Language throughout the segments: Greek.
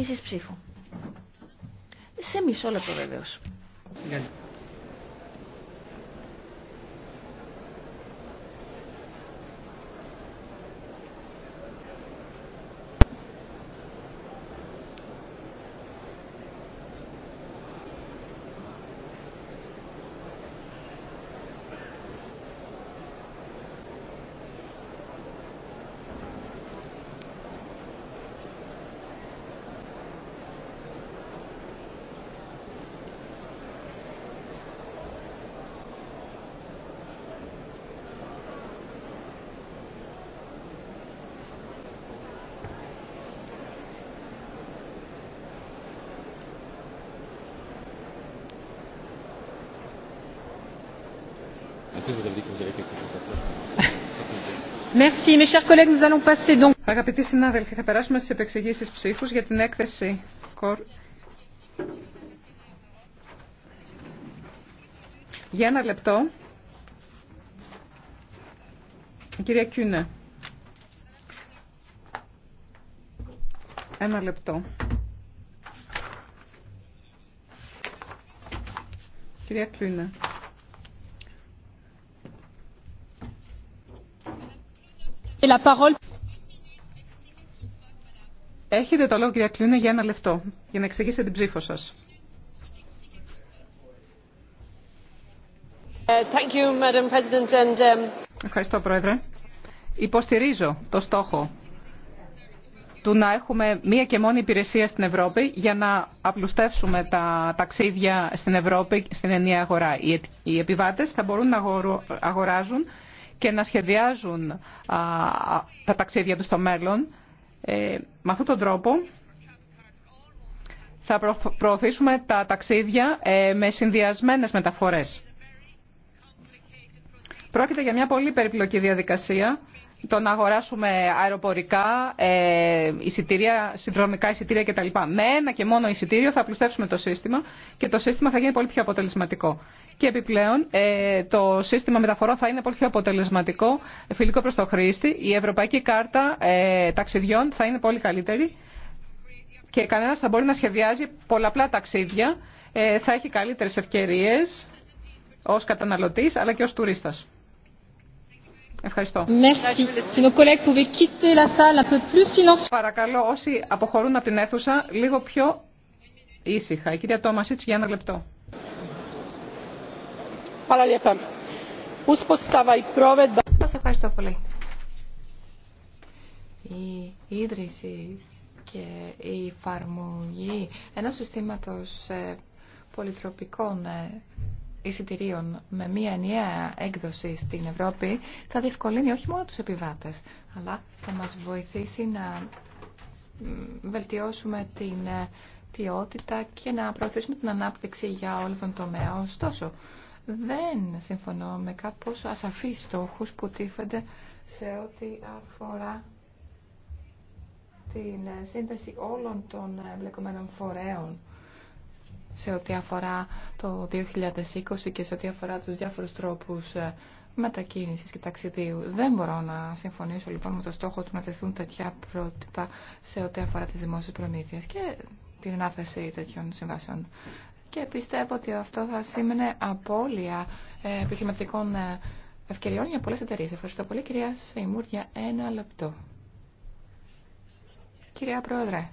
ίσης ψήφου. Σε μισό λεπτό βεβαίως. Αγαπητοί συνάδελφοι, θα περάσουμε στις επεξηγήσεις ψήφους για την έκθεση Για ένα λεπτό. Η κυρία Κιούνε. Ένα λεπτό. Κυρία Κιούνε. Έχετε το λόγο, κυρία Κλούνε, για ένα λεπτό, για να εξηγήσετε την ψήφο σας. Ε, um, Ευχαριστώ, Πρόεδρε. Υποστηρίζω το στόχο του να έχουμε μία και μόνη υπηρεσία στην Ευρώπη για να απλουστεύσουμε τα ταξίδια στην Ευρώπη, στην ενιαία αγορά. Οι επιβάτες θα μπορούν να αγοράζουν και να σχεδιάζουν τα ταξίδια τους στο μέλλον. Ε, με αυτόν τον τρόπο θα προωθήσουμε τα ταξίδια ε, με συνδυασμένες μεταφορές. Πρόκειται για μια πολύ περιπλοκή διαδικασία το να αγοράσουμε αεροπορικά, ε, εισιτήρια, συνδρομικά εισιτήρια κτλ. Με ένα και μόνο εισιτήριο θα πλουστεύσουμε το σύστημα και το σύστημα θα γίνει πολύ πιο αποτελεσματικό. Και επιπλέον ε, το σύστημα μεταφορών θα είναι πολύ πιο αποτελεσματικό, φιλικό προς το χρήστη. Η Ευρωπαϊκή Κάρτα ε, Ταξιδιών θα είναι πολύ καλύτερη και κανένας θα μπορεί να σχεδιάζει πολλαπλά ταξίδια, ε, θα έχει καλύτερες ευκαιρίες ως καταναλωτής αλλά και ως τουρίστας. Ευχαριστώ. Παρακαλώ όσοι αποχωρούν από την αίθουσα λίγο πιο ήσυχα. Η κυρία Τόμασιτς για ένα λεπτό. Σας ευχαριστώ πολύ. Η ίδρυση και η εφαρμογή ενός συστήματος ε, πολυτροπικών ε, εισιτηρίων με μία ενιαία έκδοση στην Ευρώπη θα διευκολύνει όχι μόνο τους επιβάτες, αλλά θα μας βοηθήσει να βελτιώσουμε την ε, ποιότητα και να προωθήσουμε την ανάπτυξη για όλο τον τομέα. Ωστόσο, δεν συμφωνώ με κάπως ασαφείς στόχους που τύφονται σε ό,τι αφορά την σύνδεση όλων των εμπλεκομένων φορέων σε ό,τι αφορά το 2020 και σε ό,τι αφορά τους διάφορους τρόπους ε, μετακίνησης και ταξιδίου. Δεν μπορώ να συμφωνήσω λοιπόν με το στόχο του να τεθούν τέτοια πρότυπα σε ό,τι αφορά τις δημόσιες προμήθειες και την ανάθεση τέτοιων συμβάσεων και πιστεύω ότι αυτό θα σήμαινε απώλεια ε, επιχειρηματικών ε, ευκαιριών για πολλές εταιρείες. Ευχαριστώ πολύ κυρία Σεϊμούρ για ένα λεπτό. Κυρία Πρόεδρε,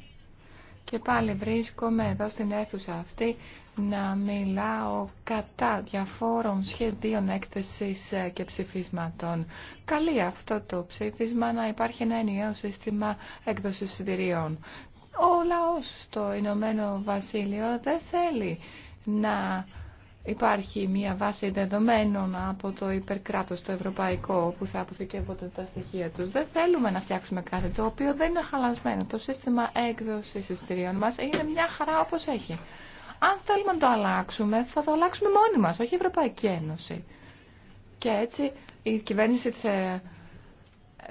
και πάλι βρίσκομαι εδώ στην αίθουσα αυτή να μιλάω κατά διαφόρων σχεδίων έκθεσης ε, και ψηφίσματων. Καλή αυτό το ψήφισμα να υπάρχει ένα ενιαίο σύστημα έκδοσης συντηριών. Ο λαός στο Ηνωμένο Βασίλειο δεν θέλει να υπάρχει μια βάση δεδομένων από το υπερκράτος το ευρωπαϊκό που θα αποθηκεύονται τα στοιχεία τους. Δεν θέλουμε να φτιάξουμε κάτι το οποίο δεν είναι χαλασμένο. Το σύστημα έκδοσης εισιτηρίων μας είναι μια χαρά όπως έχει. Αν θέλουμε να το αλλάξουμε, θα το αλλάξουμε μόνοι μας, όχι η Ευρωπαϊκή Ένωση. Και έτσι η κυβέρνηση της ε,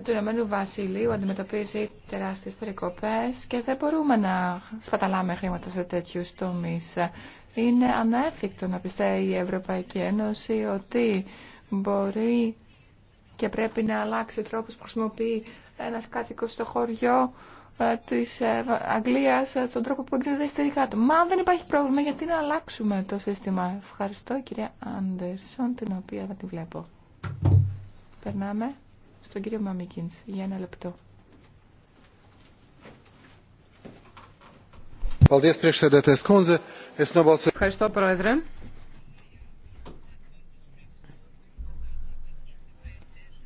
του Ηνωμένου Βασιλείου αντιμετωπίζει τεράστιε περικοπέ και δεν μπορούμε να σπαταλάμε χρήματα σε τέτοιου τομεί. Είναι ανέφικτο να πιστεύει η Ευρωπαϊκή Ένωση ότι μπορεί και πρέπει να αλλάξει ο τρόπο που χρησιμοποιεί ένα κάτοικο στο χωριό ε, τη ε, αγγλία ε, τον τρόπο που εκδίδεται δικά του. Μα δεν υπάρχει πρόβλημα γιατί να αλλάξουμε το σύστημα. Ευχαριστώ κυρία Άντερσον την οποία δεν τη βλέπω. Περνάμε στον κύριο Μαμίκινς για ένα λεπτό. Ευχαριστώ, Πρόεδρε.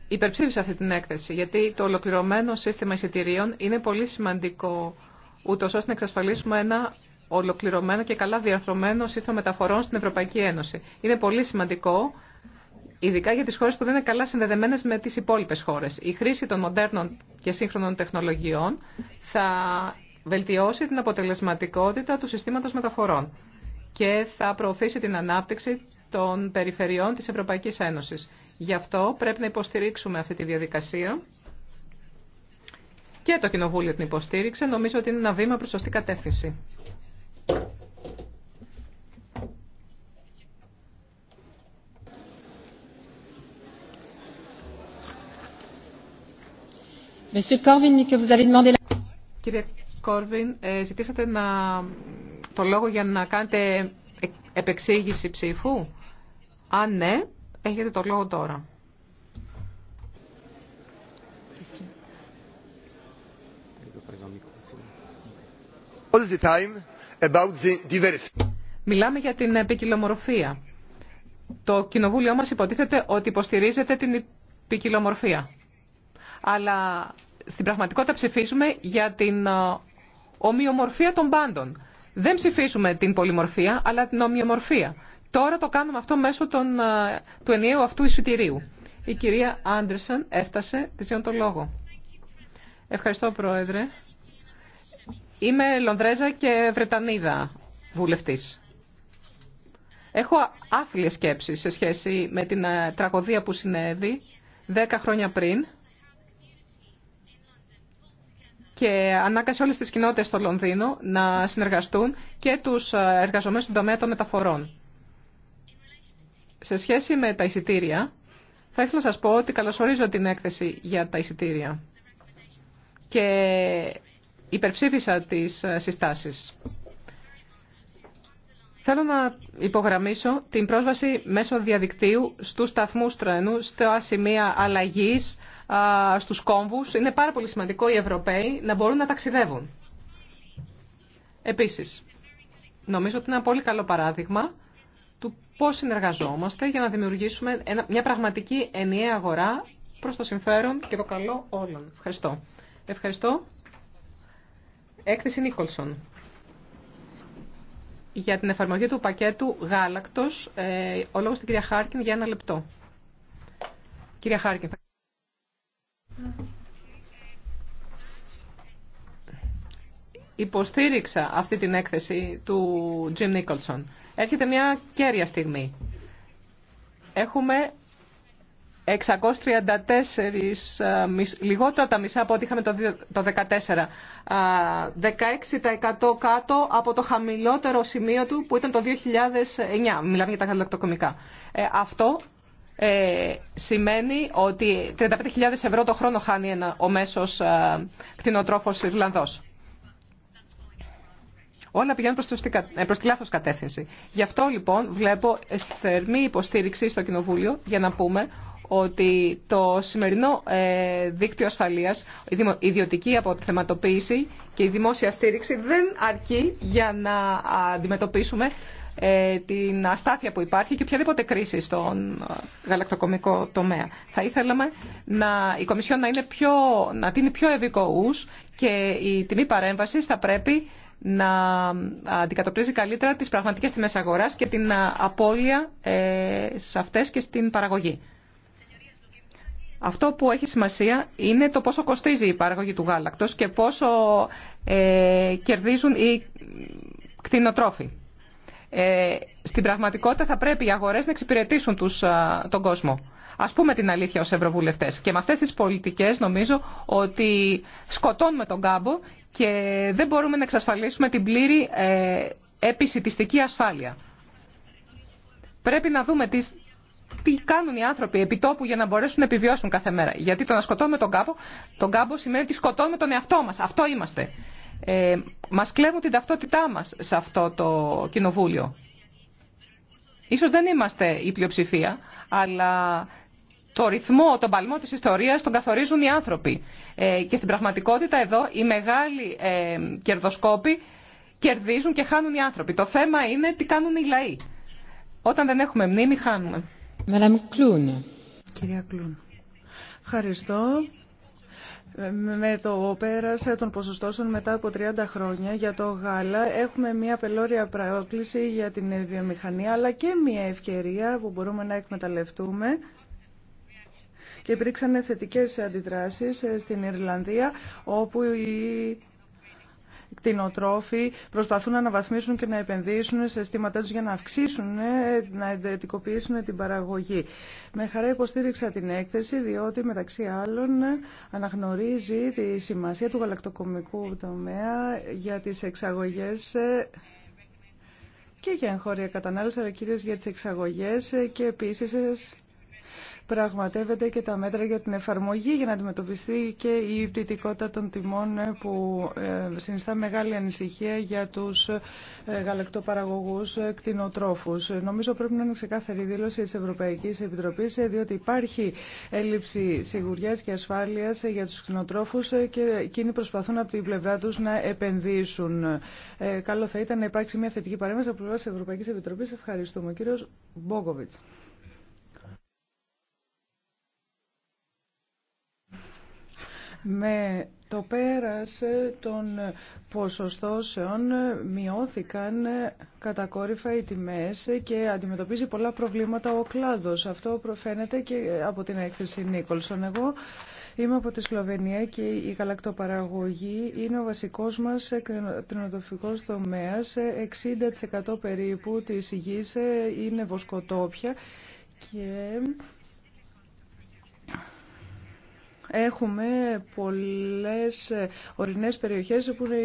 Υπερψήφισα αυτή την έκθεση, γιατί το ολοκληρωμένο σύστημα εισιτηρίων είναι πολύ σημαντικό, ούτω ώστε να εξασφαλίσουμε ένα ολοκληρωμένο και καλά διαρθρωμένο σύστημα μεταφορών στην Ευρωπαϊκή Ένωση. Είναι πολύ σημαντικό ειδικά για τις χώρες που δεν είναι καλά συνδεδεμένες με τις υπόλοιπες χώρες. Η χρήση των μοντέρνων και σύγχρονων τεχνολογιών θα βελτιώσει την αποτελεσματικότητα του συστήματος μεταφορών και θα προωθήσει την ανάπτυξη των περιφερειών της Ευρωπαϊκής Ένωσης. Γι' αυτό πρέπει να υποστηρίξουμε αυτή τη διαδικασία και το Κοινοβούλιο την υποστήριξε. Νομίζω ότι είναι ένα βήμα προς σωστή κατεύθυνση. Κύριε Κόρβιν, ε, ζητήσατε να... το λόγο για να κάνετε επεξήγηση ψήφου. Αν ναι, έχετε το λόγο τώρα. the time about the Μιλάμε για την ποικιλομορφία. Το κοινοβούλιο μας υποτίθεται ότι υποστηρίζεται την ποικιλομορφία αλλά στην πραγματικότητα ψηφίζουμε για την ε, ομοιομορφία των πάντων. Δεν ψηφίζουμε την πολυμορφία, αλλά την ομοιομορφία. Τώρα το κάνουμε αυτό μέσω των, ε, του ενιαίου αυτού εισιτηρίου. Η κυρία Άντερσον έφτασε, της τον λόγο. Ευχαριστώ, Πρόεδρε. Είμαι Λονδρέζα και Βρετανίδα βουλευτής. Έχω άθλιες σκέψεις σε σχέση με την ε, τραγωδία που συνέβη δέκα χρόνια πριν και ανάγκασε όλες τις κοινότητες στο Λονδίνο να συνεργαστούν και τους ε, εργαζομένους στον τομέα των μεταφορών. Σε σχέση με τα εισιτήρια, θα ήθελα να σας πω ότι καλωσορίζω την έκθεση για τα εισιτήρια και υπερψήφισα τις ε, συστάσεις. Θέλω να υπογραμμίσω την πρόσβαση μέσω διαδικτύου στους σταθμούς τρένου, στα σημεία αλλαγής, στους κόμβους. Είναι πάρα πολύ σημαντικό οι Ευρωπαίοι να μπορούν να ταξιδεύουν. Επίσης, νομίζω ότι είναι ένα πολύ καλό παράδειγμα του πώς συνεργαζόμαστε για να δημιουργήσουμε μια πραγματική ενιαία αγορά προς το συμφέρον και το καλό όλων. Ευχαριστώ. Ευχαριστώ. Έκθεση Νίκολσον για την εφαρμογή του πακέτου γάλακτος. Ε, ο λόγος στην κυρία Χάρκιν για ένα λεπτό. Κυρία Χάρκιν. Υποστήριξα αυτή την έκθεση του Jim Nicholson. Έρχεται μια κέρια στιγμή. Έχουμε 634, ε, λιγότερο τα μισά από ό,τι είχαμε το 2014. 16% κάτω από το χαμηλότερο σημείο του που ήταν το 2009. Μιλάμε για τα γαλακτοκομικά. Ε, αυτό ε, σημαίνει ότι 35.000 ευρώ το χρόνο χάνει ένα, ο μέσος ε, κτηνοτρόφος Ιρλανδός. Όλα πηγαίνουν ε, προς τη λάθος κατεύθυνση. Γι' αυτό λοιπόν βλέπω θερμή υποστήριξη στο Κοινοβούλιο για να πούμε ότι το σημερινό ε, δίκτυο ασφαλείας, η ιδιωτική αποθεματοποίηση και η δημόσια στήριξη δεν αρκεί για να αντιμετωπίσουμε ε, την αστάθεια που υπάρχει και οποιαδήποτε κρίση στον ε, γαλακτοκομικό τομέα. Θα ήθελαμε να, η Κομισιόν να, είναι πιο, να τίνει πιο ευηκοούς και η τιμή παρέμβασης θα πρέπει να ε, αντικατοπτρίζει καλύτερα τις πραγματικές τιμές αγοράς και την απώλεια σε αυτές και στην παραγωγή. Αυτό που έχει σημασία είναι το πόσο κοστίζει η παραγωγή του γάλακτος και πόσο ε, κερδίζουν οι κτηνοτρόφοι. Ε, στην πραγματικότητα θα πρέπει οι αγορές να εξυπηρετήσουν τους, τον κόσμο. Ας πούμε την αλήθεια ως ευρωβουλευτές. Και με αυτέ τις πολιτικές νομίζω ότι σκοτώνουμε τον κάμπο και δεν μπορούμε να εξασφαλίσουμε την πλήρη ε, επισητιστική ασφάλεια. Πρέπει να δούμε τι κάνουν οι άνθρωποι τόπου για να μπορέσουν να επιβιώσουν κάθε μέρα. Γιατί το να σκοτώνουμε τον κάμπο, τον κάμπο σημαίνει ότι σκοτώνουμε τον εαυτό μα, Αυτό είμαστε. Ε, μας κλέβουν την ταυτότητά μας σε αυτό το κοινοβούλιο. Ίσως δεν είμαστε η πλειοψηφία, αλλά το ρυθμό, τον παλμό της ιστορίας τον καθορίζουν οι άνθρωποι. Ε, και στην πραγματικότητα εδώ οι μεγάλοι ε, κερδοσκόποι κερδίζουν και χάνουν οι άνθρωποι. Το θέμα είναι τι κάνουν οι λαοί. Όταν δεν έχουμε μνήμη, χάνουμε. Κυρία Κλούν. Ευχαριστώ με το πέρασε των ποσοστώσεων μετά από 30 χρόνια για το γάλα έχουμε μια πελώρια πρόκληση για την βιομηχανία αλλά και μια ευκαιρία που μπορούμε να εκμεταλλευτούμε και υπήρξαν θετικές αντιδράσεις στην Ιρλανδία όπου η κτηνοτρόφοι προσπαθούν να αναβαθμίσουν και να επενδύσουν σε αισθήματά τους για να αυξήσουν, ε, να εντετικοποιήσουν την παραγωγή. Με χαρά υποστήριξα την έκθεση διότι μεταξύ άλλων αναγνωρίζει τη σημασία του γαλακτοκομικού τομέα για τις εξαγωγές ε, και για εγχώρια κατανάλωση, αλλά κυρίως για τις εξαγωγές ε, και επίσης πραγματεύεται και τα μέτρα για την εφαρμογή για να αντιμετωπιστεί και η πτυτικότητα των τιμών ε, που ε, συνιστά μεγάλη ανησυχία για τους ε, γαλακτοπαραγωγούς κτηνοτρόφους. Νομίζω πρέπει να είναι ξεκάθαρη η δήλωση της Ευρωπαϊκής Επιτροπής διότι υπάρχει έλλειψη σιγουριάς και ασφάλειας για τους κτηνοτρόφους και εκείνοι προσπαθούν από την πλευρά τους να επενδύσουν. Καλό θα ήταν να υπάρξει μια θετική παρέμβαση από πλευρά της Ευρωπαϊκής Επιτροπής. Ευχαριστούμε. κύριος Μπόγκοβιτς. Με το πέρας των ποσοστώσεων μειώθηκαν κατακόρυφα οι τιμές και αντιμετωπίζει πολλά προβλήματα ο κλάδος. Αυτό προφαίνεται και από την έκθεση Νίκολσον. Εγώ Είμαι από τη Σλοβενία και η γαλακτοπαραγωγή είναι ο βασικός μας τρινοτοφικός τομέας. 60% περίπου της γης είναι βοσκοτόπια και Έχουμε πολλές ε, ορεινές περιοχές όπου ε,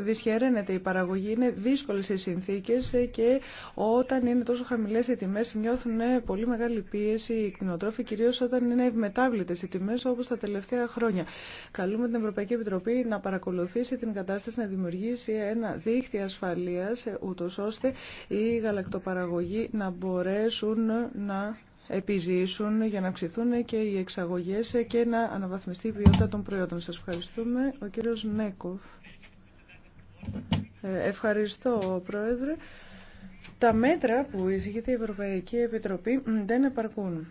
δυσχεραίνεται η παραγωγή, είναι δύσκολες οι συνθήκες ε, και όταν είναι τόσο χαμηλές οι τιμές νιώθουν πολύ μεγάλη πίεση οι κτηνοτρόφοι, κυρίως όταν είναι ευμετάβλητες οι τιμές όπως τα τελευταία χρόνια. Καλούμε την Ευρωπαϊκή Επιτροπή να παρακολουθήσει την κατάσταση, να δημιουργήσει ένα δίχτυ ασφαλείας, ούτως ώστε οι γαλακτοπαραγωγοί να μπορέσουν να επιζήσουν για να αυξηθούν και οι εξαγωγές και να αναβαθμιστεί η ποιότητα των προϊόντων. Σας ευχαριστούμε. Ο κύριος Νέκοφ. Ε, ευχαριστώ, Πρόεδρε. Τα μέτρα που εισηγείται η Ευρωπαϊκή Επιτροπή δεν επαρκούν.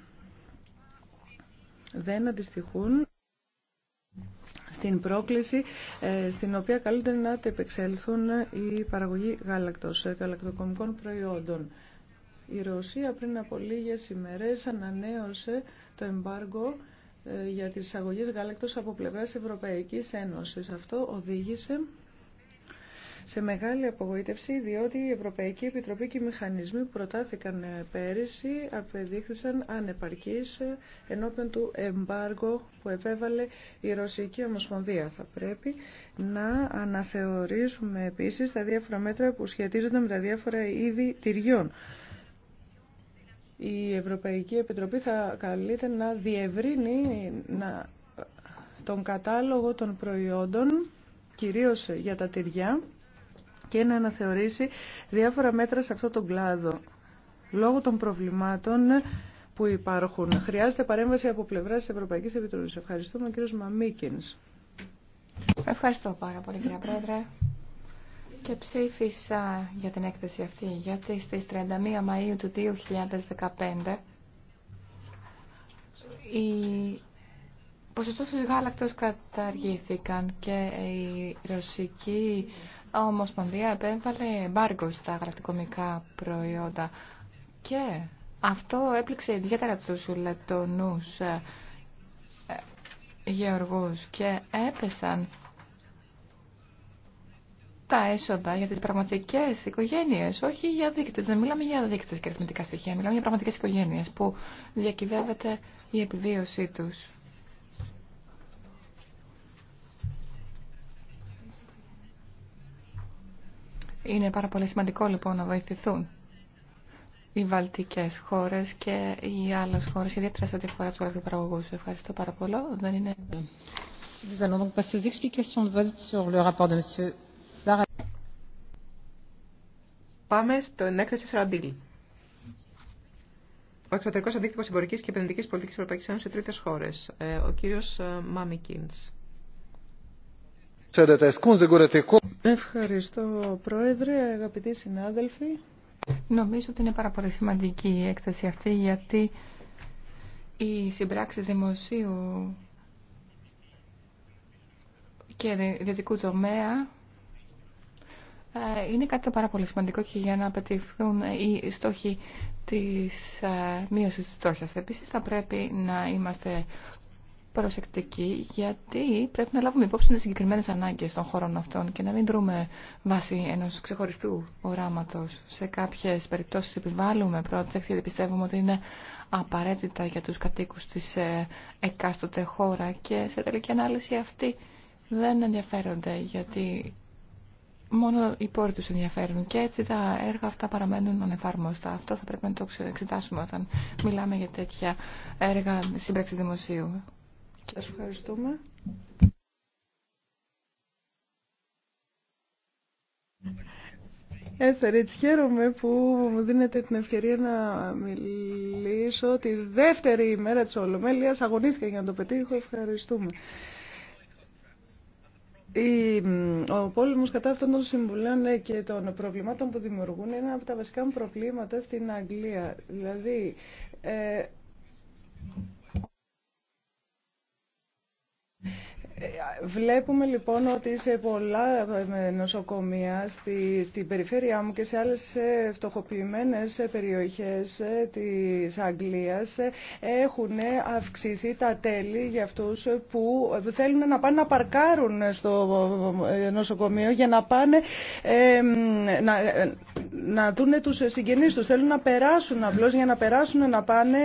Δεν αντιστοιχούν στην πρόκληση ε, στην οποία καλύτερα να επεξέλθουν οι παραγωγοί γάλακτος, ε, γαλακτοκομικών προϊόντων. Η Ρωσία πριν από λίγες ημέρες ανανέωσε το εμπάργκο ε, για τις εισαγωγές γάλακτος από πλευράς Ευρωπαϊκής Ένωσης. Αυτό οδήγησε σε μεγάλη απογοήτευση, διότι η Ευρωπαϊκή Επιτροπή και οι μηχανισμοί που προτάθηκαν ε, πέρυσι απεδείχθησαν ανεπαρκείς ε, ενώπιον του εμπάργκο που επέβαλε η Ρωσική Ομοσπονδία. Θα πρέπει να αναθεωρήσουμε επίσης τα διάφορα μέτρα που σχετίζονται με τα διάφορα είδη τυριών η Ευρωπαϊκή Επιτροπή θα καλείται να διευρύνει να, τον κατάλογο των προϊόντων, κυρίως για τα τυριά, και να αναθεωρήσει διάφορα μέτρα σε αυτό τον κλάδο. Λόγω των προβλημάτων που υπάρχουν. Χρειάζεται παρέμβαση από πλευρά τη Ευρωπαϊκή Επιτροπή. Ευχαριστούμε, κύριο Μαμίκιν. Ευχαριστώ πάρα πολύ, κύριε Πρόεδρε και ψήφισα για την έκθεση αυτή, γιατί στις 31 Μαΐου του 2015 οι του γάλακτος καταργήθηκαν και η Ρωσική Ομοσπονδία επέμβαλε μπάργκο στα γαλακτοκομικά προϊόντα και αυτό έπληξε ιδιαίτερα τους Λετωνούς ε, ε, γεωργούς και έπεσαν τα έσοδα για τι πραγματικές οικογένειες, όχι για δείκτε. Δεν μιλάμε για δείκτε και αριθμητικά στοιχεία, μιλάμε για πραγματικές οικογένειες που διακυβεύεται η επιβίωσή τους. Είναι πάρα πολύ σημαντικό λοιπόν να βοηθηθούν οι βαλτικέ χώρες και οι άλλες χώρες, ιδιαίτερα σε ό,τι αφορά του παραγωγού. Ευχαριστώ πάρα πολύ. Δεν είναι... Nous allons donc passer aux explications de vote sur le rapport de Monsieur Πάμε στην έκθεση Σαραντήλη. Ο εξωτερικό αντίκτυπο εμπορική και επενδυτική πολιτική Ευρωπαϊκή Ένωση σε τρίτε χώρε. Ε, ο κύριο ε, Μάμικιν. Ευχαριστώ, Πρόεδρε, αγαπητοί συνάδελφοι. Νομίζω ότι είναι πάρα πολύ σημαντική η έκθεση αυτή γιατί η συμπράξη δημοσίου και ιδιωτικού τομέα ε, είναι κάτι το πάρα πολύ σημαντικό και για να πετυχθούν οι στόχοι της ε, μείωσης της στόχας. Επίσης θα πρέπει να είμαστε προσεκτικοί γιατί πρέπει να λάβουμε υπόψη τις συγκεκριμένες ανάγκες των χωρών αυτών και να μην δρούμε βάσει ενός ξεχωριστού οράματος. Σε κάποιες περιπτώσεις επιβάλλουμε project γιατί πιστεύουμε ότι είναι απαραίτητα για τους κατοίκους της ε, εκάστοτε χώρα και σε τελική ανάλυση αυτοί δεν ενδιαφέρονται γιατί μόνο οι πόροι τους ενδιαφέρουν και έτσι τα έργα αυτά παραμένουν ανεφάρμοστα. Αυτό θα πρέπει να το εξετάσουμε όταν μιλάμε για τέτοια έργα σύμπραξη δημοσίου. Σας ευχαριστούμε. Έτσι, χαίρομαι που μου δίνετε την ευκαιρία να μιλήσω. Τη δεύτερη ημέρα της Ολομέλειας αγωνίστηκα για να το πετύχω. Ευχαριστούμε. Ο πόλεμος κατά αυτών των συμβουλών ναι, και των προβλημάτων που δημιουργούν είναι ένα από τα βασικά προβλήματα στην Αγγλία. Δηλαδή, ε, Βλέπουμε λοιπόν ότι σε πολλά ε, νοσοκομεία στη, στην περιφέρειά μου και σε άλλες ε, φτωχοποιημένες περιοχές ε, της Αγγλίας έχουν αυξηθεί τα τέλη για αυτούς που θέλουν να πάνε να παρκάρουν στο νοσοκομείο για να πάνε ε, να, να δούνε τους συγγενείς τους. Θέλουν να περάσουν απλώς για να περάσουν να πάνε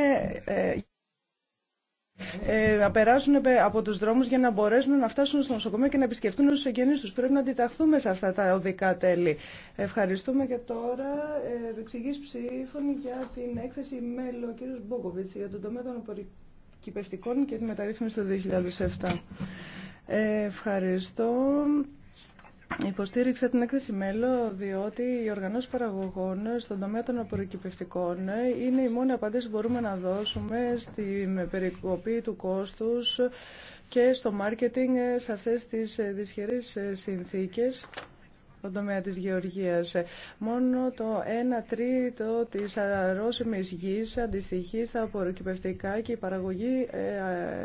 ε, να περάσουν από τους δρόμους για να μπορέσουν να φτάσουν στο νοσοκομείο και να επισκεφτούν τους εγγενείς τους. Πρέπει να αντιταχθούμε σε αυτά τα οδικά τέλη. Ευχαριστούμε και τώρα ε, ψήφων για την έκθεση μέλο κ. Μπόκοβιτς για τον τομέα των απορρικυπευτικών και τη μεταρρύθμιση του 2007. Ε, ευχαριστώ. Υποστήριξα την έκθεση μέλο διότι οι οργανώσει παραγωγών στον τομέα των απορροκυπευτικών είναι η μόνη απάντηση που μπορούμε να δώσουμε στην περικοπή του κόστους και στο μάρκετινγκ σε αυτές τις δυσχερές συνθήκες στον τομέα της γεωργίας. Μόνο το 1 τρίτο της αρρώσιμης γης αντιστοιχεί στα απορροκυπευτικά και η παραγωγή ε,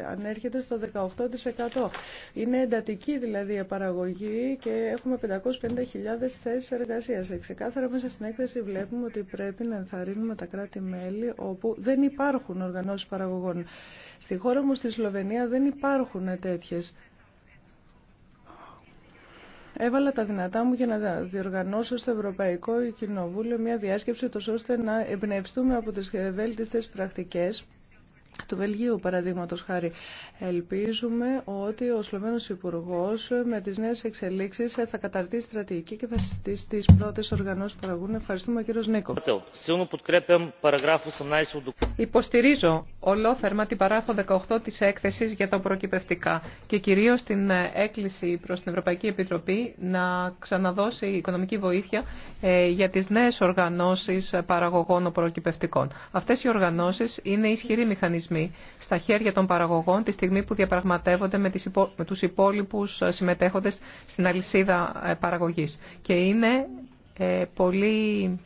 ανέρχεται στο 18%. Είναι εντατική δηλαδή η παραγωγή και έχουμε 550.000 θέσεις εργασίας. Εξεκάθαρα μέσα στην έκθεση βλέπουμε ότι πρέπει να ενθαρρύνουμε τα κράτη-μέλη όπου δεν υπάρχουν οργανώσεις παραγωγών. Στη χώρα μου στη Σλοβενία δεν υπάρχουν τέτοιες Έβαλα τα δυνατά μου για να διοργανώσω στο Ευρωπαϊκό Κοινοβούλιο μια διάσκεψη, τόσο ώστε να εμπνευστούμε από τις βέλτιστες πρακτικές του Βελγίου, παραδείγματος χάρη. Ελπίζουμε ότι ο Σλοβαίνος υπουργό με τις νέες εξελίξεις θα καταρτήσει στρατηγική και θα συστήσει τις πρώτες οργανώσεις που παραγούν. Ευχαριστούμε κύριο Νίκο. Υποστηρίζω ολόθερμα την παράφο 18 της έκθεσης για τα προκυπευτικά και κυρίως την έκκληση προς την Ευρωπαϊκή Επιτροπή να ξαναδώσει οικονομική βοήθεια ε, για τις νέες οργανώσεις παραγωγών προκυπευτικών. Αυτές οι οργανώσεις είναι ισχυροί μηχανισμοί στα χέρια των παραγωγών τη στιγμή που διαπραγματεύονται με, τις υπο... με τους υπόλοιπους ε, συμμετέχοντες στην αλυσίδα ε, παραγωγής. Και είναι ε, πολύ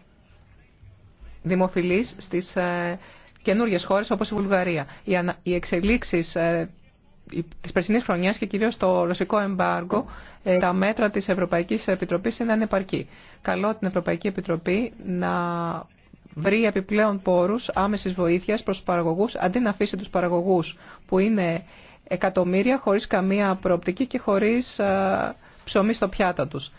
δημοφιλής στις ε, καινούριες χώρες όπως η Βουλγαρία. Οι, ανα... οι εξελίξεις της περσινής χρονιάς και κυρίως το ρωσικό εμπάργο, τα μέτρα της Ευρωπαϊκής Επιτροπής είναι ανεπαρκή. Καλό την Ευρωπαϊκή Επιτροπή να βρει επιπλέον πόρους άμεσης βοήθειας προς τους παραγωγούς, αντί να αφήσει τους παραγωγούς που είναι εκατομμύρια χωρίς καμία προοπτική και χωρίς ψωμί στο πιάτα τους.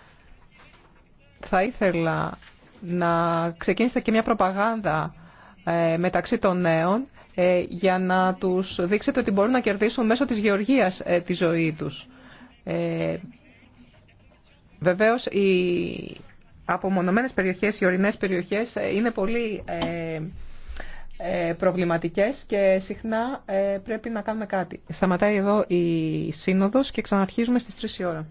Θα ήθελα να ξεκίνησε και μια προπαγάνδα ε, μεταξύ των νέων ε, για να τους δείξετε ότι μπορούν να κερδίσουν μέσω της γεωργίας ε, τη ζωή τους. Βεβαίως απομονωμένες περιοχές, οι ορεινές περιοχές ε, είναι πολύ ε, ε, προβληματικές και συχνά πρέπει να κάνουμε κάτι. Σταματάει εδώ η σύνοδος και ξαναρχίζουμε στις 3 η ώρα.